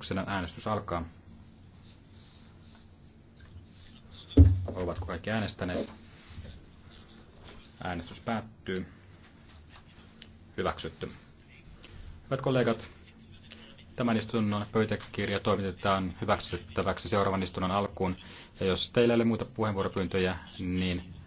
Yksilön äänestys alkaa. Ovatko kaikki äänestäneet? Äänestys päättyy. Hyväksytty. Hyvät kollegat, tämän istunnon pöytäkirja toimitetaan hyväksyttäväksi seuraavan istunnon alkuun. Ja jos teillä ei ole muita puheenvuoropyyntöjä, niin